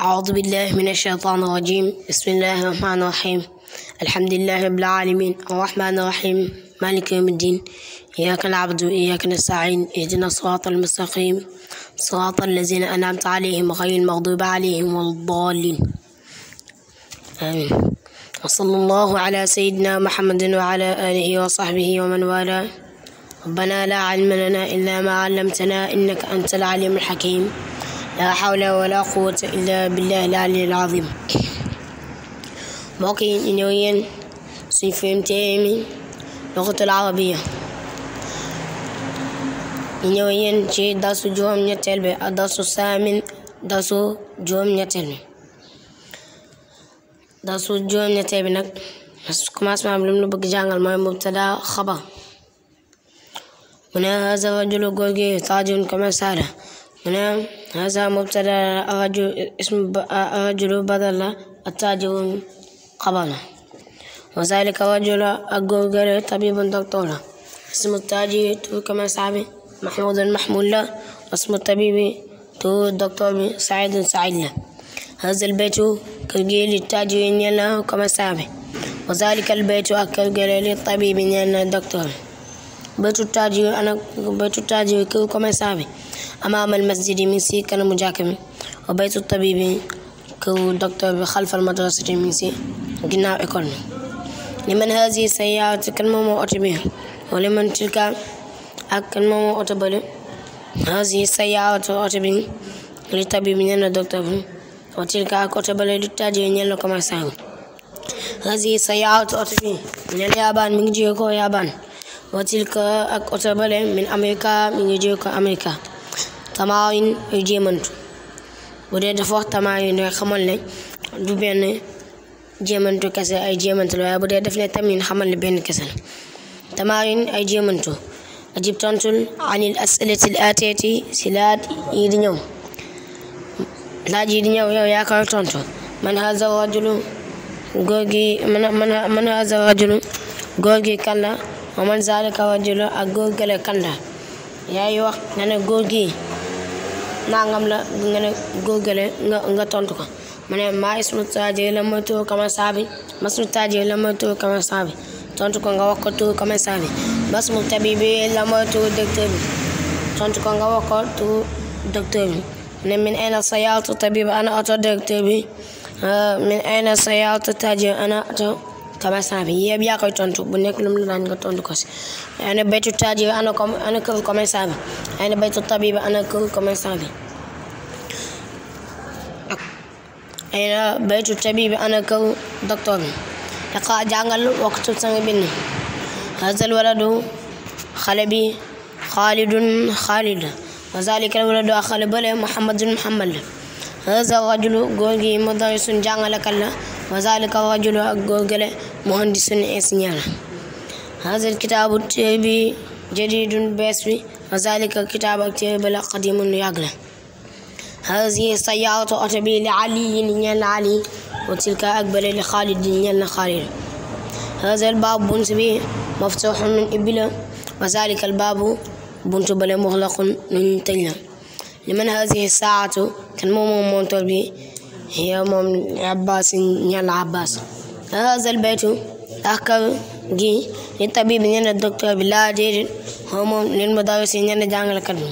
أعوذ بالله من الشيطان الرجيم بسم الله الرحمن الرحيم الحمد لله رب العالمين الرحمن الرحيم مالك يوم الدين إياك نعبد وإياك نستعين اهدنا الصراط المستقيم صراط الذين أنعمت عليهم غير المغضوب عليهم ولا الضالين آمين وصلى الله على سيدنا محمد وعلى آله وصحبه ومن والاه ربنا لا علم لنا إلا ما علمتنا إنك أنت العليم الحكيم laa xawla wala quwwata illa billah al ali al azim mbokk yi ñu ñëw yéen suñ fimtee mi luxatul arabiya ñu ñëw yéen ci darsu juróom ñetteel bi ak darsu saamin darsu juróom ñetteel bi darsu juróom ñetteel bi nag commencement bi lu mu bëgg jàngal mooy mubtada xabar mu ne haza rajulu góor gi taajirun commerçant la هنا هذا مبتدا الرجل اسم الرجل بدل التاجر قبله وذلك الرجل الجرجر طبيب دكتورة اسم التاجر تركم سعبي محمود محمول له واسم الطبيب تو الدكتور سعيد سعيد له هذا البيت كالجيل التاجر يلا كما سعبي وذلك البيت أكل للطبيب يلا دكتور bay tuttaaji ana bay tuttaaji ko commerçant bi amaama al masjidi mi ngi si kanamu jàkka mi wa baytu tabibi ko docteur bi xalfal madrasati mi ngi si ginnaaw école mi li man haasi sayyaaratu kan moom oto bi man tilka ak kan moom moo bi li tabibi ñenn docteur bi wa tilka ak oto bële li tuttaaji ñenn commerçant bi haasi sayyaaratu oto bi ñenn yaabaan mi ngi jóge ko yaabaan wa tilka ak oto bale min amerika mi ngi jóge amerika tamarin ay jéemantu bu dee dafa tamarin rek xamal du benn jéemantu kese ay jéemantu la waaye bu ne tamin xamal ne kese la tamarin ay jéemantu ajib tontul anil asilati l ateeti si laaj yi di ñëw laaj yi di ñëw yow man haza rajulu góor man haza rajulu góor gi wa man zalika wajulu ak góor gële kanda yaay wax nga ne góor gi nangam la nga ne góor gële nga nga tontu ko ma ne maa ismu taaje la mooy tuur kama saabi la mooy tuur kama saabi tontu ko nga wax ko tuur kama saabi basmu tabibi la mooy tuur docteur bi tontu ko nga wax tuur docteur bi ne min ayna sayaltu tabibi ana oto docteur bi ah, min ayna sayaltu taaje ana oto commerçant bi yëpp yaa koy tontu bu nekk lu mu la naan nga tontu ko si ana baytu taajir ana com ana këru commerçant bi ana baytu tabib ana këru commerçant bi ana baytu tabib ana këru docteur bi daqa jàngal waxtu sanga bind hazal waladu xale bi xaalidun xaalid wa zalikal waladu xale bële muhammadun muhammad haza rajulu góor gi mu darisun jàngalekat la wa zalika rajulu ak góorgële moo indi suñu ingénieur hazal kitaabu téere bi jadidun bees bi wa zalika kitaab ak téere bi la qadimun yàgg la hazihi sayaaratu oto bi li aliyin ñeel na ali wa tilka ak bële li xaalidin ñeel na xaalid hazal baab bunt bi maftuxun nun ibbi la wa zalika al baabu bunt bële muxlaqun nun tëj la li man hazihi saatu kan moom moom montoor bi hiya moom abbaas ñal abbaas haazal baytu ahkam gi li tabiib ñal docteur bi laa déedéet hoo moom lil mudarris ñal jàngalekat bi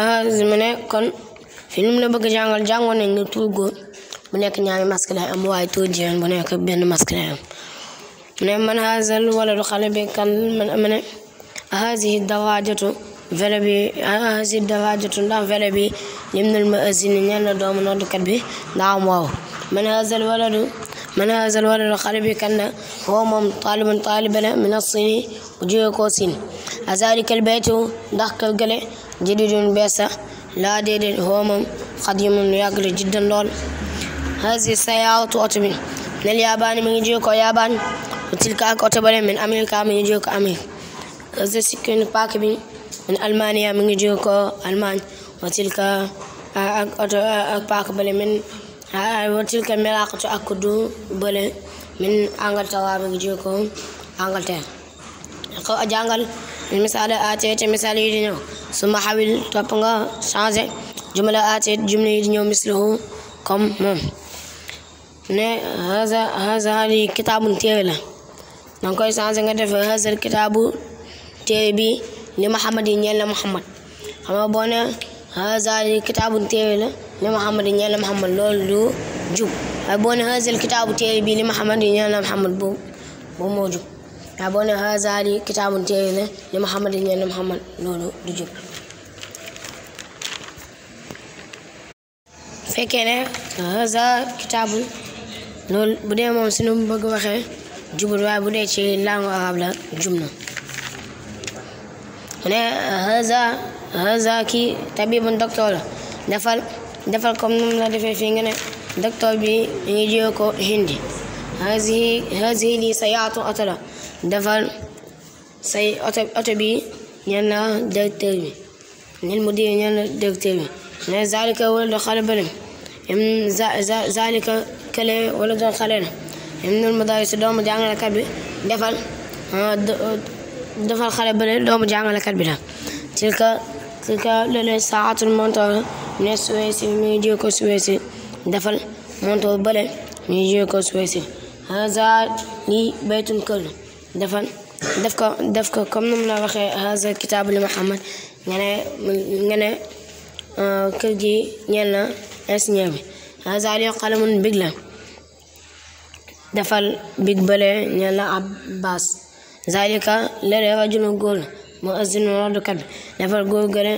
ah, mu ne kon fi mu ne bëgg jàngal jàngoon nañ ne tur góor bu nekk ñaari masque lay am waaye tur jigéen bu nekk benn masque am mu man haazal waladu xale bi kan man ne haazihi dawaajatu vélo bi azib dafa jotul ndax vélo bi yemnul ma azini ñeel na doomu noddukat bi ndax am man haazal waladu man bi kan la woo moom taaliban taaliba la min asini bu jógee koo siin azaalikal baytu ndax kër gële laa déedéet woo moom xadimun yàgg la jiddan lool hazi sayaawatu oto bi nel yaabaani mi min amerika ko amerika hazi sikkin paak min almania mi ngi jóge ko Allemagne wa tilka paaka bële min wa tilka melaqatu ak kuddu min Angleterre mi ngi jóge ko Angleterre ko jàngal misaal ateete misaal yi di ñëw suma nga changé jumla ateet jumla yi di ñëw moom ne haza haza li kitaabun téere la danga koy changé nga def haza kitaabu téere bi li Muhammad yi ñeel na Muhammad xam nga boo ne haazal kitaabu la li Muhammad yi ñeel na Muhammad loolu du jub waaye boo ne haazal kitaabu li Muhammad yi ñeel na Muhammad moo jub waaye la li Muhammad yi ñeel na Muhammad loolu du jub fekkee ne haza kitaabul loolu bu dee moom sunu bëgg waxee jubul waaye bu dee ci langue arabe la jub na ne haza haza kii tabibun la defal defal comme nu la defee fii nga ne docteur bi ñu ngi jóge ko hindi hazihi hazihi lii sayaatu oto la defal say oto oto bi ñen na directeur bi nil mu di ñen na directeur bi ne zalika wala do xale bële im zalika kële wala do xale la im nul mu daal si doomu bi defal ah, defal xale ba leen doomu jàngalekat bi daal tilka tilka lele saatul montoor ne suweesi ñuy jee ko suweesi defal montoor bale ñuy jee ko suweesi haza li baytun kër defal def ko def comme nu mu la waxee haza kitaabu li Muhammad nga ne nga ne euh, kër gi ñeel na ingénieur bi haza li qalamun big la defal big bale ñeel na ab zalika lere rajulun góor la mu azinu noddukat bi defal góor gële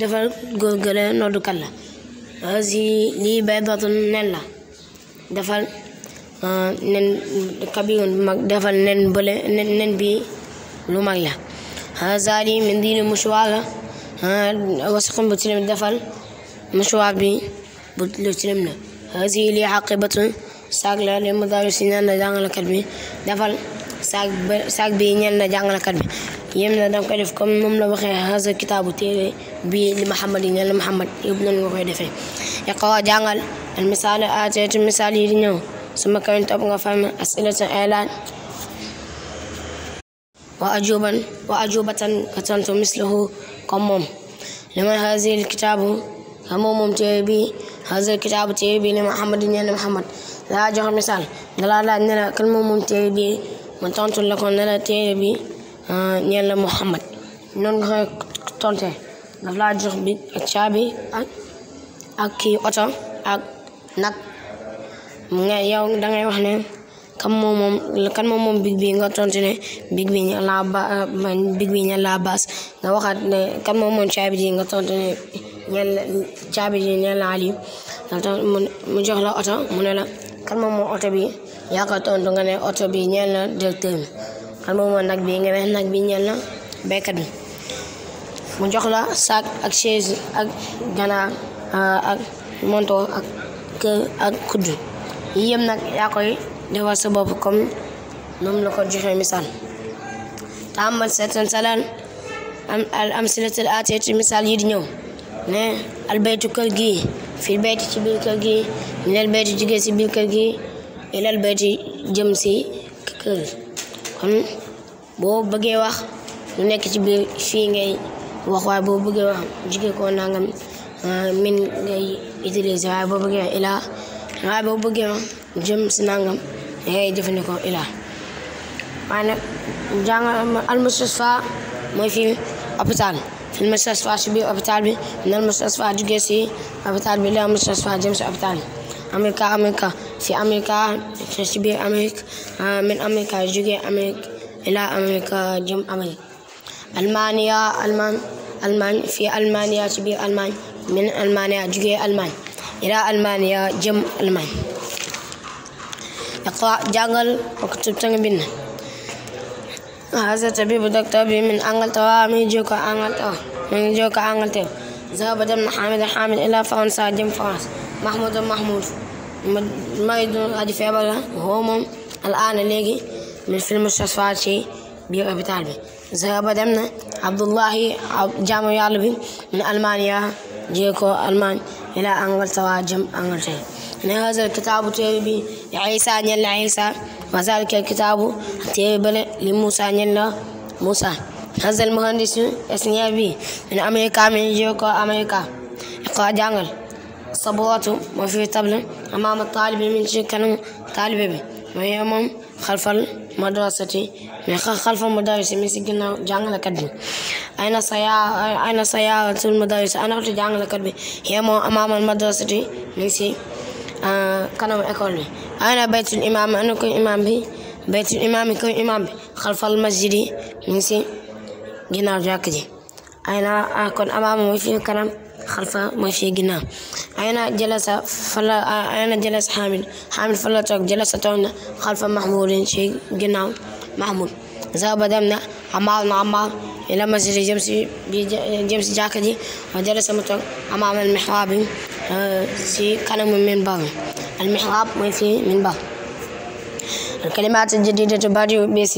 defal góor gële noddukat la asi lii baydatun nen la defal euh, nen kabirun bu mag defal nen bële nen bi lu mag la zali min diini mouchoir la euh, wasaqum bu tilim defal mouchoir bi bu lu tilim la asi lii xaqibatun saag la li mudaari si naan la jàngalekat bi defal saag ba saag bi ñeel na jàngalekat bi yem na danga koy def comme moom la waxee hasa kitaabu téere bii li Muhammad yi ñeel na Muhammad yëpp noonu nga koy defee yaqawa jàngal al misaal ateetu misaal yi di ñëw suma kawen topp nga fahme asilatan ay laaj wa ajuban wa ajubatan ka tontu mislahu comme moom liman hasil kitaabu ka moom moom téere bi li Muhammad yi jox misaal dalaa laaj ne kan moom moom téere bi ma tontu la ko ne la téere bi ah, ñeel la Muhammad noonu nga koy tonte daf laa jox bi ak caabi ak kii oto ak nag mu nga yow dangay wax ne kan moom moom kan moom moom big bi nga tontu ne big bi ña la ba ah, big bi ña la baas nga waxaat ne kan moom moom caabi ji nga tontu ne ña la caabi ji ña la Ali mu jox la oto mu ne la kan moom moom oto bi yaa ko tontu nga ne oto bi ñeel na directeur bi xam moom nag bi nga ne nag mu jox la saak ak chaise ak ganaar euh, ak monto ak kër ak nag yaa koy defal sa bopp noonu la ko joxee misaal taamal seetan salaan al amsilatul aatee ci misaal yi di ñëw ne al baytu kër gi fii baytu ci biir kër gi minel baytu jugee ci biir kër gi ilal bayti jëm si kër kon boo bëggee wax lu nekk ci biir fii ngay wax waaye boo bëggee wax jugee ko nangam ah, min ngay utiliser waaye boo bëggee wax jëm si nangam ngay jëfandikoo ilaa waaye nag jàng almustasfa mooy fii hôpital fil mustasfa si biir hôpital bi min almustasfa jugee si jëm si hôpital bi Amerika si Amerika si biir Amérique ah, min Amerika jóge Amérique ila Amerika jëm Amérique Almaniya Alman Alman fi Almaniya si biir Alman min Almaniya jóge Alman ila Almaniya jëm Alman iqra jàngal waktub tanga bind هذا طبيب دكتور من انجلترا من جوكا انجلترا من جوكا انجلترا ذهب دم حامد حامد الى فرنسا جم فرنسا محمود محمود man maa ngi doon aji feebar la xoo min fil mustashfa ci biir hôpital bi Zahra Abdullahi jaamu yàlla min Almaniya jee ko Almaañ ilaa Angleterre waa jëm hazal kitaabu téere li Musa ñel Musa hazal muhandis isniya bi min Amerika min jee ko Amerika iqra jàngal sabuwatu ma fi table أمام الطالب من كانوا طالب وهي moom xalfal madrasati mais xalfal madarisi mi si ginnaaw jàngalekat bi ayna saya ayna sayaatul madarisi ana oto jàngalekat bi yee moom amaamal madrasati mi si kanamu école bi ayna baytul imam ana koy imam bi baytul imam koy imam bi xalfal masjidi mi si ginnaaw jàkk ji ayna kon amaama mooy fi kanam xalfa mooy fii ginnaaw ayna jalasa fala ayna jalasa xaamil xaamil fala toog jalasa toog na xalfa mahmudin ci ginnaaw mahmud zaba dem na amaar na amaar ila masjid jëm si mu toog amaam al mihraab bi euh, si kanamu minbar al mihraab mooy fii minbar al kalimaat al jadidatu bari bees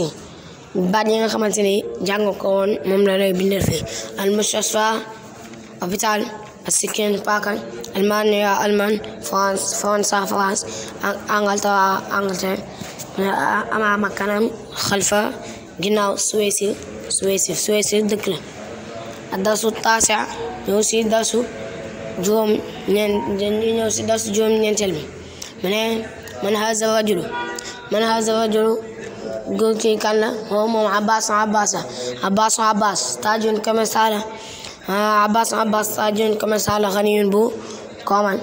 parce que kenn paakan Allemagne waa Allemagne France France waa France Angleterre waa Angleterre ama ma kanam xalfa ginnaaw Suwaysi Suwaysi Suwaysi dëkk la addasu taasa ñëw si dasu juróom ñeent ñëw si dasu juróom ñeenteel bi mu ne man haza rajulu man haza rajulu góor kii kan la moom moom Abbas Abbas Abbas Abbas taajun kame saala Ah, Abbas Abbas Sadio commercial ghaniyun bu kooman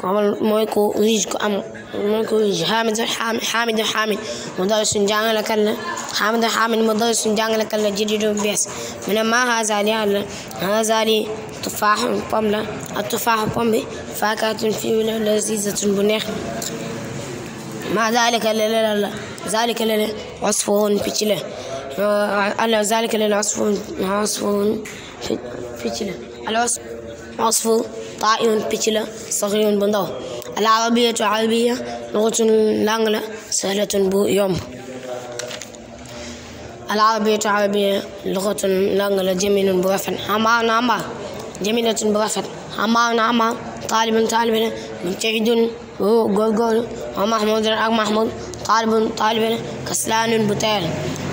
kooman mooy ku riche ku am mooy ku riche Hamid Hamid Hamid mudarris jàngalekat la Hamid Hamid mudarris jàngalekat la jiddu bees mu ne ma haza li àll haza li tufaax pom la ak tufaax pom bi faakaatun fii la lazizatun bu neex ma zalika lele la zalika lele wasfoon picc la ah, zalika lele wasfoon wasfoon picc la al wasfu taa'irun picc la saxiirun bu ndaw al arabiyatu arabiya lugatun lang la sahlatun bu yomb al arabiyatu arabiya lugatun lang la jamilun bu rafet amaarun amaar jamilatun bu rafet amaarun amaar taalibun taalibe la mujtahidun góorgóorlu wa mahmudun ak mahmud taalibun taalibe la kaslaanun bu teel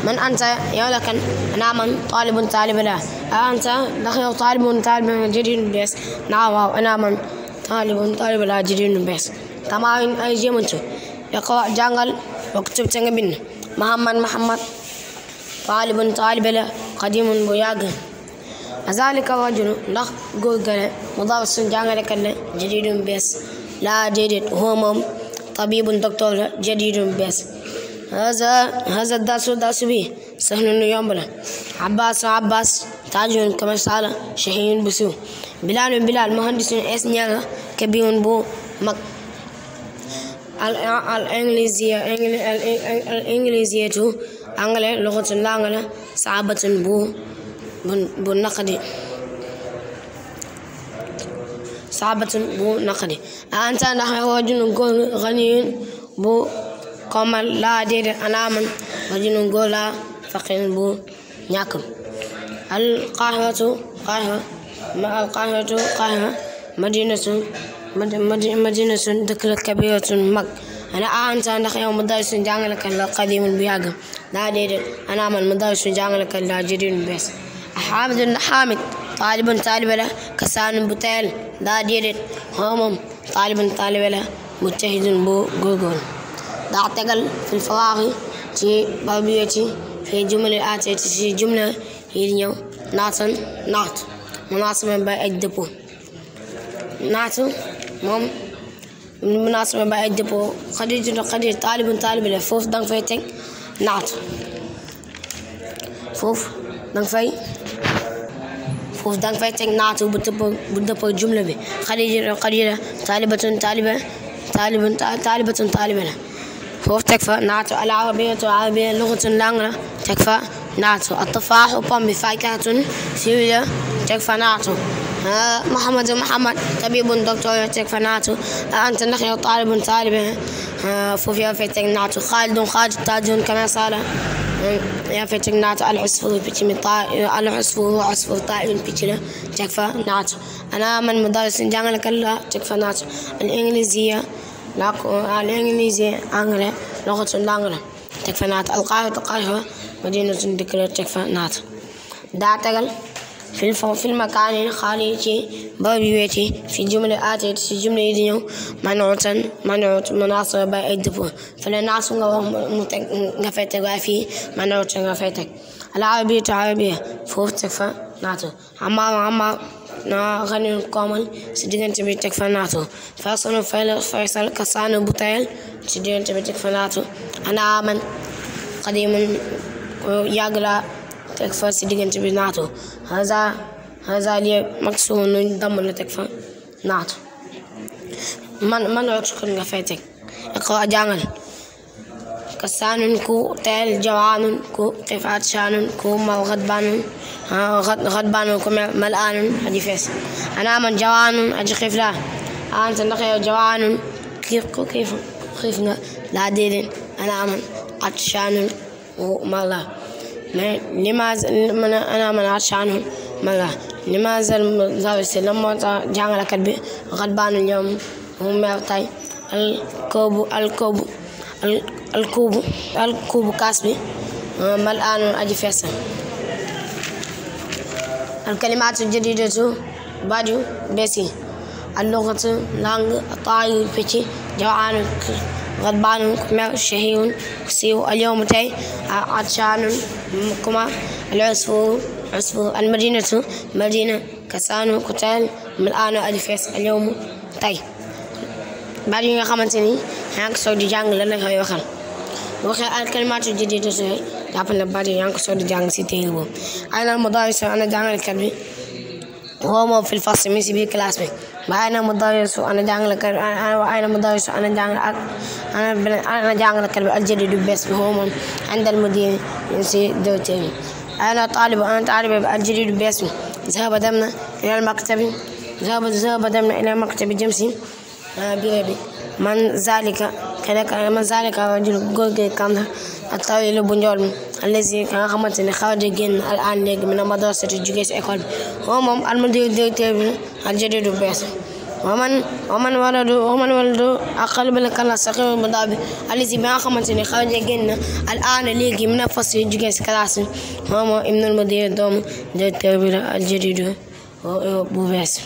man anta yow la kan ana man taalibun taalibe la أنت دخل طالب طالب جديد بس نعم أنا من طالب طالب لا جديد بس تمام أي جمنت يقرأ جانجل وكتب تنبين محمد محمد طالب طالب لا قديم بياغ ذلك الرجل دخ جوجل مدرس جانجل كله جديد بس لا جديد هم طبيب دكتور جديد بس هذا هذا الدرس درس به سهل يوم بلا عباس عباس taajowon kamar sala shahiin bu siw bilaalun bilaal muhandisun ingénieur la kabirun bu mag al inglisiyatu angale luxatun angale saabatun bu naqadi saabatun bu naqadi a ganiyun bu komal laa déedéet anaaman rajulun góor laa faqiirun bu ñàkk alqahwatu qahwa alqahwatu qahwa madinatun madinatun dëkk la kabiratun mag ana a anta ndax yow madarisun jàngalekat la qadimun bu yàgg daa déedéet ana man madarisun jàngalekat la jëriñ bees xaamidun xaamid taalibun taalibe la kasaanun bu tayal daa déedéet xamam taalibun taalibe la mujtahidun bu góorgóorlu daa tegal fil fawaaxi ci barbiya ci fi jumla aatee ci jumla yi di ñëw naatan naat munaasaba bay ak dépôt naat moom munaasaba bay ak dépôt xadiijatu xadiij taalibun taalibi la foofu danga fay teg naat foofu danga fay foofu danga fay teg naatu bu tëpp bu dëpp jumla bi xadiija xadiija taalibatun taaliba taalibun taalibatun taaliba la foofu teg fa naatu al arabiyatu arabiya lugatun lang la teg fa naatu attafaaxu pomme bi faakihatun siwila teg fa naatu Muhammadu Muhammad tabibun docteur teg fa naatu anta ndax yow taalibun taalibe foofu yaa fay teg naatu xaalidun xaalid taajun kama saala yaa fay teg naatu alxusfur picc mi alxusfur usfur taaun picc la teg fa naatu ana man mudaris jàngalekat la teg fa naatu al ingilisiya al ingilisiya anglais loxatu langue la teg fa naatu alqaahiru qaahiru madinatun dikk la teg fa naat daa tegal fil fa fil makaani xaal yi ci barab yu weeti fi jumle aateet si jumle yi di ñëw manuutan manuut munaasaba bay ay dëppoo fële naasu nga wax mu teg nga fay teg waaye fii manuut nga fay teg al arabiya te arabiya foofu teg fa naatu amaar amaar na xani koomal si diggante bi teg fa naatu faysal faysal kasaanu butayel si diggante bi teg fa naatu ana man qadimun yàgg laa teg fa si diggante bi naatu haza haza li maximum nuñ damm la teg fa naatu man man sukun nga fay teg iqra jàngal kasaanun ku teel jawaanun ku qifatshaanun ku maw xadbaanun aji fees ana jawaanun aji xiif laa anta ndax jawaanun xiif ku laa déedéen ana man atshaanun ku mal لماذا أنا منعتش عنهم مرة لماذا المدرس لما جعل كلبي غضبان اليوم هم يعطي الكوب الكوب الكوب الكوب كاسبي ملآن أجفاسا الكلمات الجديدة باديو بيسي اللغة لانغ الطائر بيتي جوعان غضبان كما شهي سيو اليوم تي عطشان كما العصفور عصفور المدينة مدينة كسان كتال ملآن ألفيس اليوم tey baat yi nga xamante ni yaa ngi soog di jàng lan la koy waxal waxee al kalimaatu jadiidatu jàpp na baat yi yaa ngi soog di jàng si téere boobu ay lan ma doy so ana jàngalekat bi moom moo fil fas mi si biir classe bi ba ay na mudarrisu ana jàngalekat ay na mudarrisu ana jàngal ak ana jàngalekat bi aljadid bu bees bi moom àndal mu diin si dooteem ay na taalibu ana taalibe bi aljadid bu bees bi zahaba dem na ilal maktabi zahaba zahaba dem na ilal maktabi jëm si bureau ah, bi man zalika keneen man zalika rajul góor gi kan ak tawilu bu njool mi allazi ka nga xamante ne xaraja génn al aan léegi mi na madrasati jóge si école bi moom moom al mudir directeur bi al jadid bu bees waman waman waladu waman waladu ak xalbal kala saxir bu ndaw bi allazi bi nga xamante ne xaraja génn al aan léegi mi na fas jóge si classe bi moom moom ibnul mudir doomu directeur bi la al jadid bu bees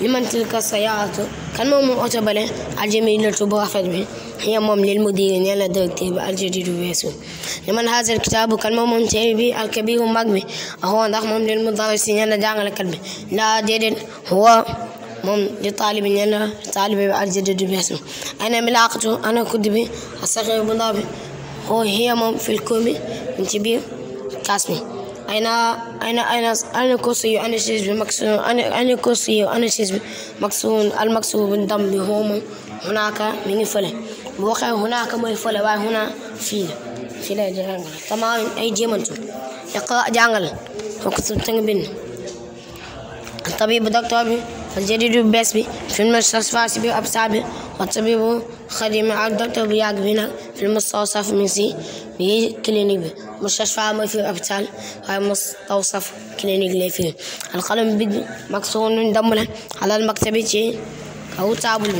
liman tilka sayaatu kan moom moom oto bale aljamilatu bu rafet bi hiya moom lil mudiri ñeel na directeur bi aljadiidu weesu ne man haazal kitaabu kan moom moom téere bi alkabiiru mag bi huwa ndax moom lil mudarrisi ñeel na jàngalekat bi laa déedéet huwa moom di taalibi ñeel na taalibi bi aljadiidu weesu ana milaaqatu ana kuddi bi asaxiir bu ndaw bi huwa hiya moom fil koobi ci biir kaas bi أنا أنا أنا أنا كوسي أنا شيز مكسون أنا أنا كوسي أنا شيز مكسون المكسور بالدم هو هناك من فلان bu waxee hunaaka mooy fële waaye huna fii la ay jéemantu iqra jàngal oksub ta nga bind tabibu docteur bi al jadidu bees mustashfa si bi absa bi wa tabibu xadima ak docteur bu yàgg bi nag fil mi si bi mustashfa mooy fi hôpital waaye mustawsaf clinique lay firi alxalam bi mag soo nuñ damm la alal maktabi ci bi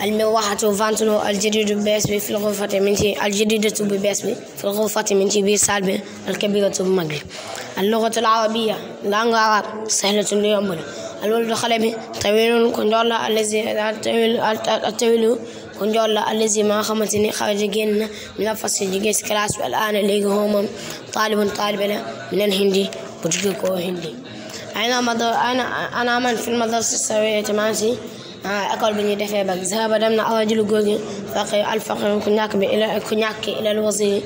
almiwaxatu vantunu aljadidu bees bi fil xufati min ci aljadidatu bu bees bi fil xufati min ci biir saal bi alkabiratu bu mag bi alluxatul arabiya langue arabe sahlatun lu yomb la alwaladu xale bi tawilun ku njool la allazi tawilu ku njool la allazi ma nga xamante ni xaraja génn na mina fas jógee si classe bi alaana léegi moom taalibun taalibe la minal hindi bu jógee koo hindi ana man fi lmadrasa sawiyati maa si Ah, école bi ñuy defee ba zahaba dem na awajulu góor gi faqi al faqi ku ñàkk bi ila ku ñàkk ilal wasiri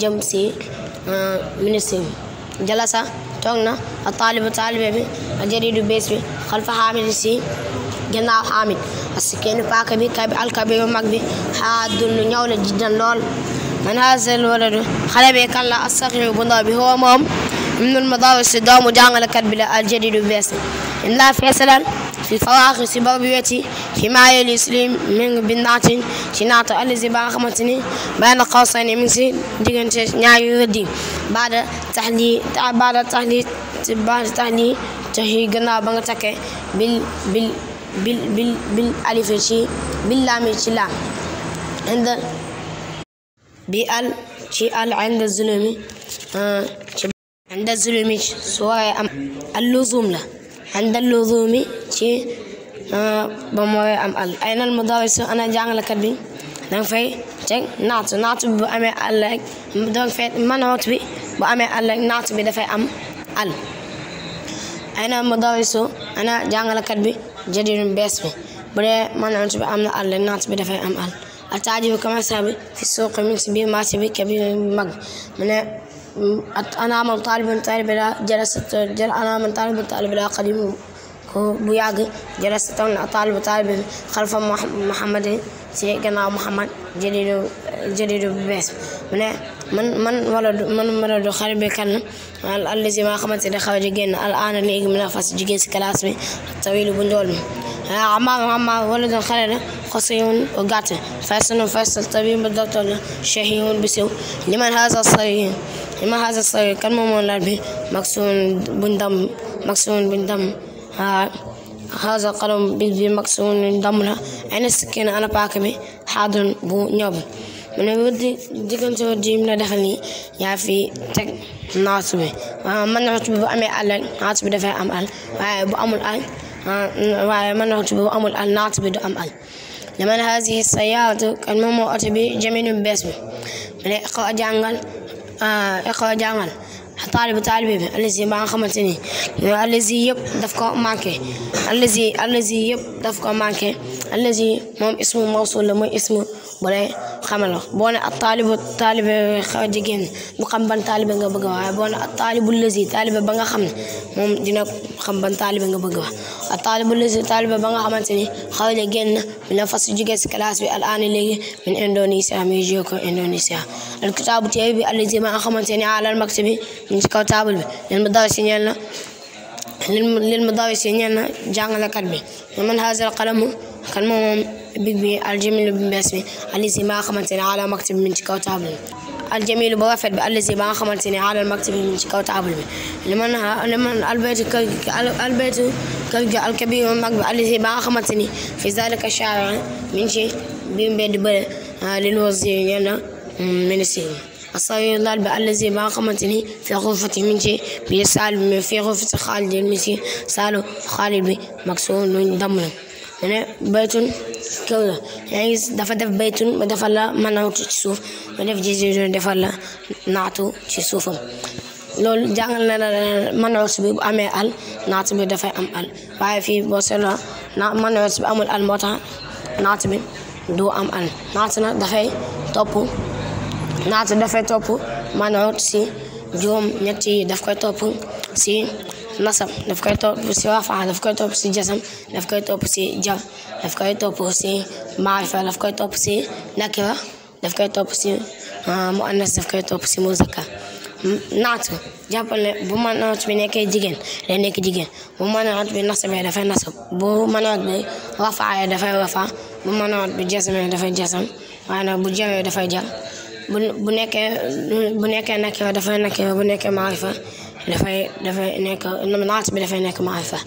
jëm si ah, ministre bi jalasa toog na a taalibu taalibe bi a jaridu bees bi xalfa xaamid si gannaaw xaamid parce que kenn paaka bi kabi alkabi bu mag bi xaa dund ñaw la jiddan lool man haasel waladu xale bi kan la asaxir bu ndaw bi huwa moom ibnul madawi si doomu jàngalekat bi la al jadidu bees bi in laa feesalan ci fawaaxi ci bor bi weti fi maaye lislim mi ngi bindaatin naata allazi ba nga xamante ni bay na xaw say diggante ñaari rëddi baada taxli baada taxli baada taxli taxi gannaaw ba nga takke bil bil bil bil bil bil laami ci bi al ci al ind zulumi ah, zulumi su waree am al luzum la àndal luzumi ci ah, ba mooy am al aynal mudarrisu ana jàngalekat bi danga fay teg naatu naatu bi bu amee al rek danga fay manoot bi bu amee al rek naatu bi dafay am al aynal mudarrisu ana jàngalekat bi jadidun bees bi bu dee manoot bi am na al rek naatu bi dafay am al ataaji bi commerçant bi fi suuq mi ci biir marché bi kabir mag mu ne ana man taalibun taalibala jalasat ana man taalibun taalibala qadimu ko bu yàgg jalasatan taalibu taalibin xalfa Muhammad si gannaaw Muhammad jëlidu jëlidu bu bees mu ne man man wala man wala du xale bi kan allazi ma xamante ne xaw a jigéen al aana léegi mën a fas jigéen si classe bi tawilu bu ndool mi amma amma wala doon xale la xosiyun gàtt faysanu faysal tabib docteur la shahiyun bisiw liman haza sayi lima haza sayir kan moo moom laaj bi maksuun buñ dam maksuun buñ dam haza qalam bi bi maksuun buñ dam la ana sikkin ana paaka bi xaadun bu ñob mu ne wëddi diggante wëddi yi mu la defal nii yaa fi teg naat bi man naat bi bu amee àll naat bi dafay am àll waaye bu amul àll waaye man naat bi bu amul àll naat bi du am àll liman hazihi sayaatu kan moo moo oto bi jaminu bees bi mu ne ko jàngal Euh, école jàngal taalibe taalibe bi allazi ba nga xamante ni allazi yëpp daf ko manqué allazi allazi yëpp daf ko manqué allazi moom ismu mawsul la mooy ismu bu dee xamalo boo ne ab taalibu taalibe jigéen bu xam ban taalibe nga bëgg waaye boo ne ab taalibu lësi taalibe ba nga xam ne moom dina xam ban taalibe nga bëgg wax ab taalibu lësi taalibe ba nga xamante ni xawle génn mi na fas jóge si classe bi al'aani léegi min Indonesia mi jóge ko Indonesia al kitaabu téere bi allazi ma nga xamante ni alal maktabi min si kaw taabal bi len mu daw si ñeel na len mu daw si ñeel na jàngalekat bi man haazal qalamu kan moom bi aljamilu bi bees bi allazi ba nga xamante ne ala maktib min ci kaw taabal bi aljamilu bu rafet bi allazi ba nga xamante ne ala maktib min ci kaw taabal bi li man li man albaytu kër gi albaytu kër gi alkabir mag bi allazi ba nga xamante ni fi zalika shaara min ci bi mbedd bële lil wazir ñenn ministre yi الصغير الضال الذي ما قمتني في غرفة منتي بيسال في غرفة خالد المسي سالو خالد مكسور من دمنا هنا بيت kaw dafa def baytun ma defal la manawtu ci suuf ma def jizitun defal la naatu ci suufam loolu jàngal na la manawtu bi amee al naatu bi dafay am al waaye fii boo seetloo na manawtu bi amul al moo tax bi du am al naatu nag dafay topp naatu dafay topp manawtu si juróom ñett yi daf koy topp si nasab daf koy topp si rafaa daf topp si jasam daf koy topp si jar daf koy topp si maarifa daf koy topp si nakira daf koy topp si ah, muannas daf koy topp si muzakkar naatu jàppal ne bu manaat bi nekkee jigéen day nekk jigéen bu manaat bi nasabee dafay nasab bu manaat bi rafaayee dafay rafa bu manaat bi jasamee dafay jasam waaye bu jaree dafay jar bu bu nekkee nakira dafay nakira bu nekkee maarifa dafay dafay nekk naat bi dafay nekk maarifa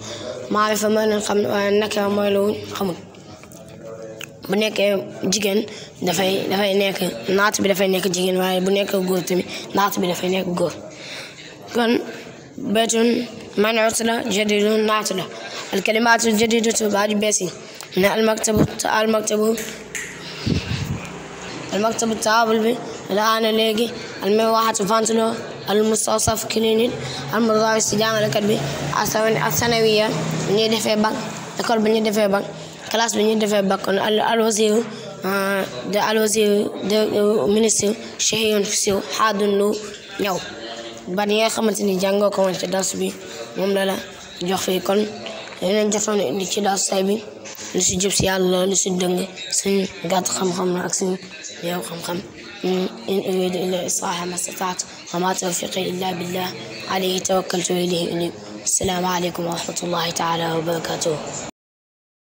maarifa mooy leen xam euh, nekk mooy lu xamul bu nekkee jigéen dafay dafay nekk naat bi dafay nekk jigéen waaye bu nekk góor tamit naat bi dafay nekk góor kon baytun man'ut la jadidun naat la alkalimaatu jadidatu baat yu bees yi almaktabu almaktabu taabul bi la ana almay waxatu fantuloo al almustawsaf clinique almustawsaf si jàngalekat bi asanawiya ñuy defee bac école bi ñuy defee bac classe bi ñuy defee bac kon alwazir de alwazir de ministre cheion siw xaadun lu ñaw bat yi nga xamante ni jàngoo ko ci dars bi moom la la jox fii kon yeneen jotoon indi ci dars tay bi lu si jub si yàlla lu si dëng suñ gàtt xam-xam la ak suñ yeew xam-xam in uridu illa islaaha ma stataatu وما توفيقي إلا بالله عليه توكلت وإليه أنيب السلام عليكم ورحمة الله تعالى وبركاته